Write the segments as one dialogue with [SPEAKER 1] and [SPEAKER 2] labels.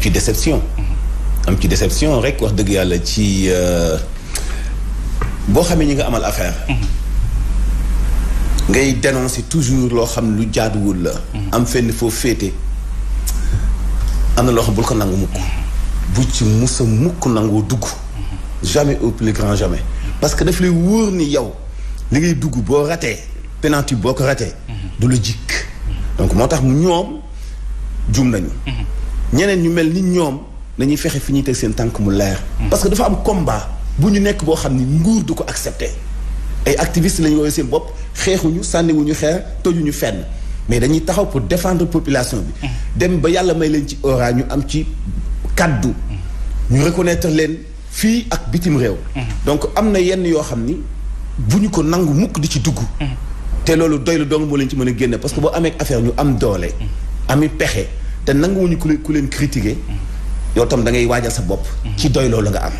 [SPEAKER 1] ci déception am ci déception rek wax dëgg yàlla ci euh, boo xamee ñi nga amal affaire ngay dénoncer toujours loo xam lu jaaduwul la am fenn foo féete am na loo xam bul ko nangu mukk bu ci musa mukk nangoo dugg jamais au plus grand jamais parce que daf lay wóor ni yow li ngay dugg boo ratee penalty boo ko ratee du la jikk donc moo tax mu ñoom jum nañu ñeneen ñu mel ni ñoom dañuy fexe fi ñuy teg seen tànk mu leer. parce que dafa am combat bu ñu nekk boo xam ni nguur du ko accepter ay activistes lañu woowee seen bopp xeexuñu sànniwuñu xeer tojuñu fenn mais dañuy taxaw pour défendre population bi. dem ba yàlla may leen ci oraa ñu am ci kàddu ñu reconnaître leen fii ak bitim réew. donc am na yenn yoo xam ni bu ñu ko nangu mukk di ci dugg. te loolu doy lu dong moo leen ci mën a génne parce que boo amee affaire ñu am doole. ami pexe. te nanguwuñu ku leen ku leen critiquer yow tam da ngay waajal sa bopp. ci doy loolu nga am.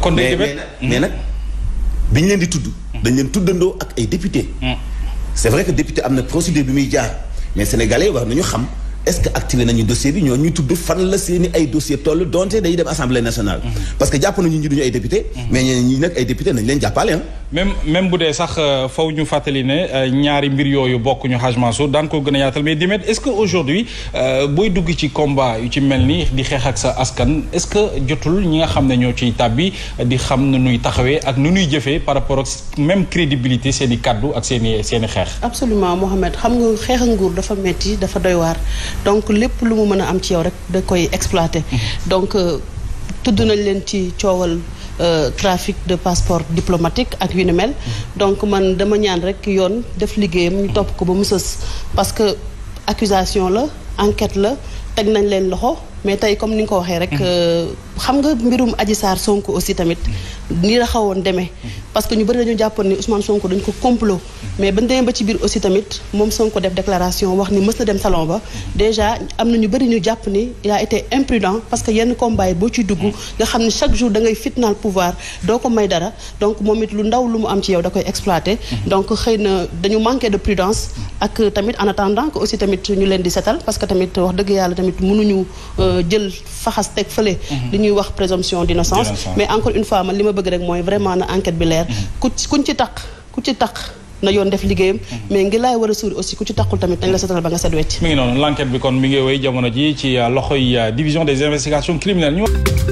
[SPEAKER 2] kon mais mais nag
[SPEAKER 1] bi ñu leen di tudd. dañ leen tuddandoo ak ay député. Mm. c'est vrai que député am na procédure bi muy jaar mais sénégalais war ñu xam. est-ce que activé nañu dossier bi ñoo ñu tudd fan la seeni ay dossier toll donte dañuy dem assemblée nationale. Mhm. parce que jàpp nañu ñu duñu ay député. Mhm. mais ñeneen ñi ay député nañ leen jàppale ah.
[SPEAKER 2] même même bu dee sax euh, faw ñu fàttali ne euh, ñaari mbir yooyu bokkuñu ñu Haj Mansour daan ko gën a yaatal mais Dimet est-ce que aujourd'hui euh, booy dugg ci combat yu ci mel nii di xeex ak sa askan est-ce que jotul ñi nga xam ne ñoo ciy tàbbi di xam nu nuy taxawee ak nu nuy jëfee par rapport ak même crédibilité seen i kaddu ak seen i seen i xeex.
[SPEAKER 3] absolument Mohamed xam nga xeex nguur dafa metti dafa doy donc lépp lu mu mën a am ci yow rek da koy exploiter mm-hmm. donc euh, tudd nañ leen ci coowal euh, trafic de passeport diplomatique ak yu mel mm-hmm. donc man dama ñaan rek yoon def liggéeyam ñu topp ko ba mu sës parce que accusation la enquête la teg nañ leen loxo mais tey comme ni nga ko waxee rek mm-hmm. euh, xam nga mbirum aji saar sonk aussi tamit nii la xawoon demee parce que ñu bëri dañu jàppoon ni Ousmane Sonko dañ ko complot mais bañ demee ba ci aussi tamit moom Sonko def déclaration wax ni mës na dem salon ba déjà am na ñu bëri ñu jàpp ni il a été imprudent parce que yenn combat yi boo ci dugg nga xam ne chaque jour da ngay fitnaal pouvoir doo ko may dara donc moom it lu ndaw lu mu am ci yow da koy exploiter donc xëy na dañu manqué de prudence ak tamit en attendant que aussi tamit ñu leen di setal parce que tamit dëgg yàlla tamit mënuñu euh, jël faxas teg fële mhm. li ñuy wax présomption d'innocence mais encore une fois man li ma bëgg rek mooy vraiment na enquête bi leer mhm. ku kuñ ci taq ku ci taq na yoon def liggéeyam. Mhm. mais ngi laay war a suuri aussi ku ci taxul tamit dañ la setal ba nga set wecc
[SPEAKER 2] mi ngi noonu l'enquête bi kon mi ngi wéy jamono ji ci euh, loxoy euh, division des investigations criminelles